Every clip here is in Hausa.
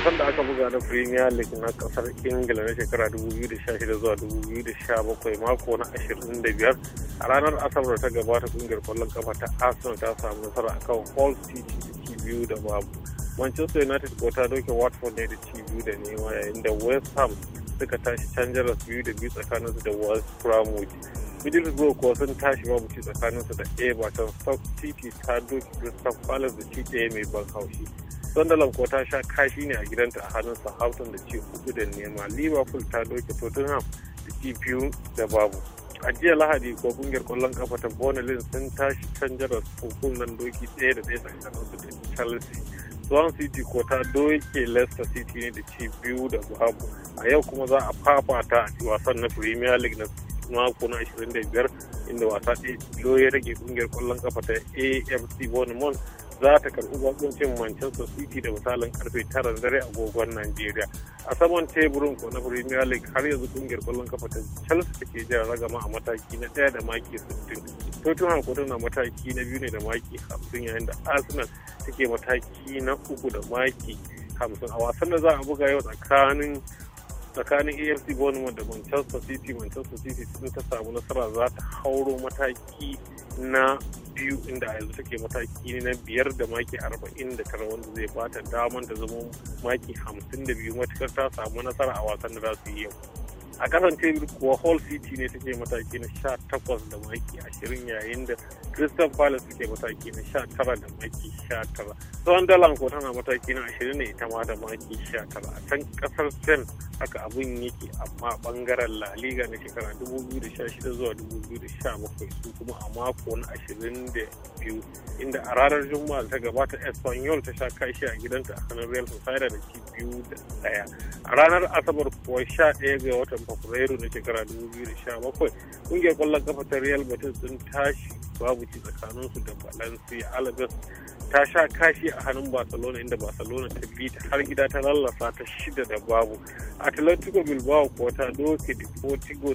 wasan da aka buga na premier league na kasar ingila na shekara 2016 zuwa 2017 mako na 25 a ranar asabar ta gabata kungiyar kwallon kafa ta arsenal ta samu nasara akan hall city ciki biyu da babu manchester united ko ta doke watford ne da ci biyu da nema yayin da west ham suka tashi can jaras biyu da biyu su da west bromwich middlesbrough ko sun tashi babu ci su da everton stoke city ta doke crystal palace da ci mai ban haushi Sunderland ko ta sha kashi ne a gidanta a hannun Southampton da ce hudu da nema. Liverpool ta doke Tottenham da ci da babu. A jiya Lahadi ko kungiyar kwallon kafa ta Bonalin sun tashi can jarar hukunan doki ɗaya da ɗaya tsakanin su da Chelsea. Swan City ko ta doke Leicester City ne da ci biyu da babu. A yau kuma za a fafata a ci wasan na Premier League na mako na 25 inda wasa ɗaya ya rage kungiyar kwallon kafa ta AFC Bournemouth za ta karɓi bakuncin Manchester City da misalin karfe tara dare agogon Najeriya. A saman teburin ko na Premier League har yanzu kungiyar kwallon kafa ta Chelsea take jan ragama a mataki na ɗaya da maki 60. Tottenham ko na mataki na biyu ne da maki hamsin yayin da Arsenal take mataki na uku da maki hamsin A wasan da za a buga yau tsakanin tsakanin AFC Bournemouth da Manchester City Manchester City sun ta samu nasara za ta hauro mataki na biyu inda yanzu take mataki na biyar da maki arba'in da tara wanda zai bata daman ta zama maki hamsin da biyu matukar ta samu nasara a wasan da za su yi yau. a kasance kuwa hall city ne take mataki na sha takwas da maki ashirin yayin da crystal palace suke mataki na sha tara da maki sha tara sunderland ko tana mataki na ashirin ne ita ma da maki sha tara a can kasar spain haka abun yake amma bangaren la liga na shekara dubu biyu da sha shida zuwa dubu biyu da sha bakwai su kuma a mako na ashirin da biyu inda a ranar juma'a ta gabata espanyol ta sha kashi a gidanta a sanar real society da ci biyu da daya a ranar asabar kuwa sha ɗaya ga watan fabrairu na shekara 2017 kungiyar kwallon kafa ta real madrid sun tashi babu ci tsakaninsu da valencia alves ta sha kashi a hannun barcelona inda barcelona ta bi ta har gida ta lallasa ta shida da babu atletico bilbao ko ta doke deportivo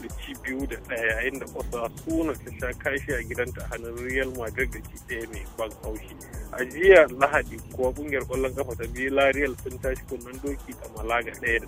da ci biyu da ɗaya yayin da osasuna ta sha kashi a gidanta a hannun real madrid da ci ɗaya mai ban haushi a jiya lahadi kuwa kungiyar kwallon kafa ta la real sun tashi kunnen doki da malaga ɗaya da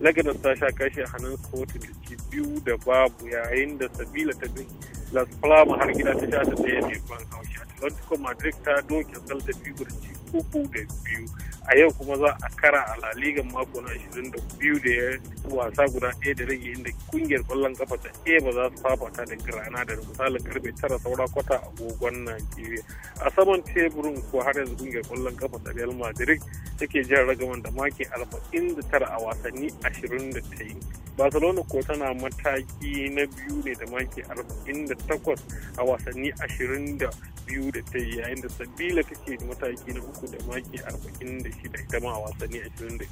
ɗaya da sasha kashe kashi a hannun kotu da ke biyu da babu yayin da Sabila ta bin Las Palmas har gida ta sha ta ɗaya ne ban haushi. Atletico Madrid ta doke salta Vigo da ci uku da biyu a yau kuma za a kara a la liga mako na ashirin da biyu da ya wasa guda ɗaya da rage inda kungiyar kwallon kafa ta ba za su fafata da girana da misalin karfe tara saura kwata agogon najeriya a saman teburin ko har yanzu kungiyar kwallon kafa ta real madrid take jan ragaman da maki arba'in da tara a wasanni ashirin da ta yi barcelona ko tana mataki na biyu ne da maki arba'in da takwas a wasanni ashirin da biyu da ta yi yayin da sabila take mataki na uku uku da maki arba'in da shida ita ma a wasanni ashirin da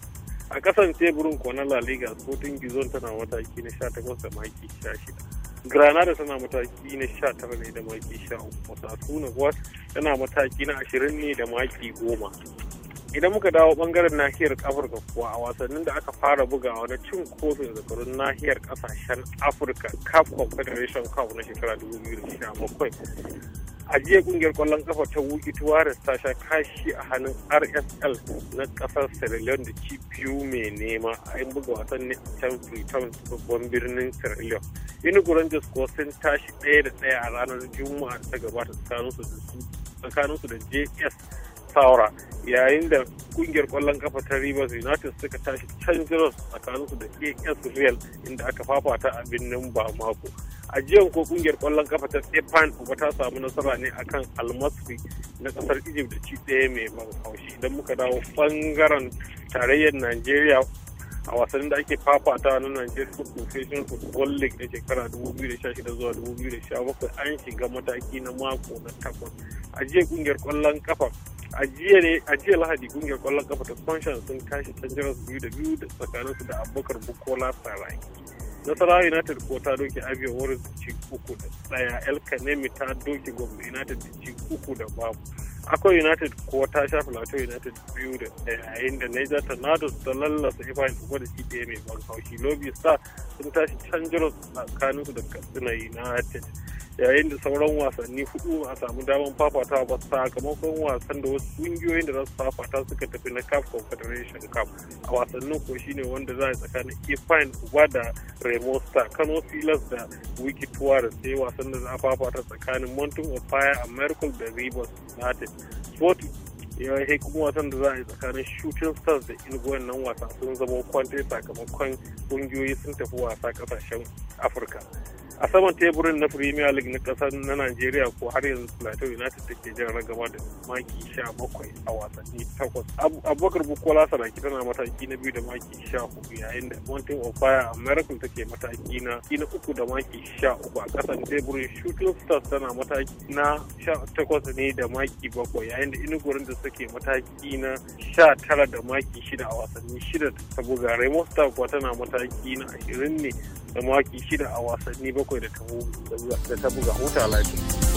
a kasan teburin ko na La Liga Sporting Gizon tana mataki na sha takwas da maki sha shida Granada tana mataki na sha tara ne da maki sha uku Osasuna kuwa tana mataki na ashirin ne da maki goma idan muka dawo bangaren nahiyar afirka kuwa a wasannin da aka fara bugawa na cin kofin zakarun nahiyar kasashen afirka cup confederation cup na shekara 2017 a jiya kungiyar kwallon kafa ta wuki tuwara ta kashi a hannun rsl na kasar sierra leone da ci mai nema a yin buga wasan ne a can freetown babban birnin sierra leone inugu rangers kuwa sun tashi ɗaya da ɗaya a ranar juma'a ta gabata tsakaninsu da js saura yayin da kungiyar kwallon kafa ta Rivers United suka tashi can tsakanin tsakaninsu da AS Real inda aka fafata a birnin mako. A jiyan ko kungiyar kwallon kafa ta Tsepan kuma ta samu nasara ne akan Almasri na kasar Egypt da ci ɗaya mai ban haushi idan muka dawo bangaren tarayyar Najeriya a wasannin da ake fafata na Nigeria Federation Football League na shekara 2016 zuwa 2017 an shiga mataki na mako na takwas. A jiya kungiyar kwallon kafa a jiya lahadi kungiyar kwallon kafa ta sunshine sun tashi can jiran biyu da biyu da tsakanin su da abubakar bukola sarai nasara united ko ta doke abiya wurin ci uku da tsaya el kanemi ta doke gwamna united da ci uku da babu akwai united ko ta sha plateau united biyu da ɗaya yayin da niger tornadoes ta lallasa ifayin uku da ci ɗaya mai ban haushi lobby star sun tashi can jiran tsakanin su da katsina united yayin da sauran wasanni hudu a samu damar fafata ba sakamakon wasan da wasu kungiyoyin da za su fafata suka tafi na cup Confederation Cup a wasannin ko shine wanda za a tsakanin Ifan Uba da Remo Star Kano Silas da Wiki da sai wasan da za a fafata tsakanin Mountain of Fire a Miracle da Rivers United Sport ya eh, kuma wasan da za a yi tsakanin shooting stars da ilgoyan nan wasa sun zama kwantai sakamakon kungiyoyi sun tafi wasa kasashen afirka a saman teburin na premier league na kasar na nigeria ko har yanzu plateau united take jan ragama da maki sha bakwai a wasanni takwas abubakar bukola saraki tana mataki na biyu da maki sha yayin da mountain of fire american take mataki na kina uku da maki sha a kasar teburin shooting stars tana mataki na sha ne da maki bakwai yayin da inugurin da suke mataki na sha da maki shida a wasanni shida ta buga raymond star kuwa tana mataki na 20 ne da mawaki shida a wasanni bakwai da ta buga huta lafiya.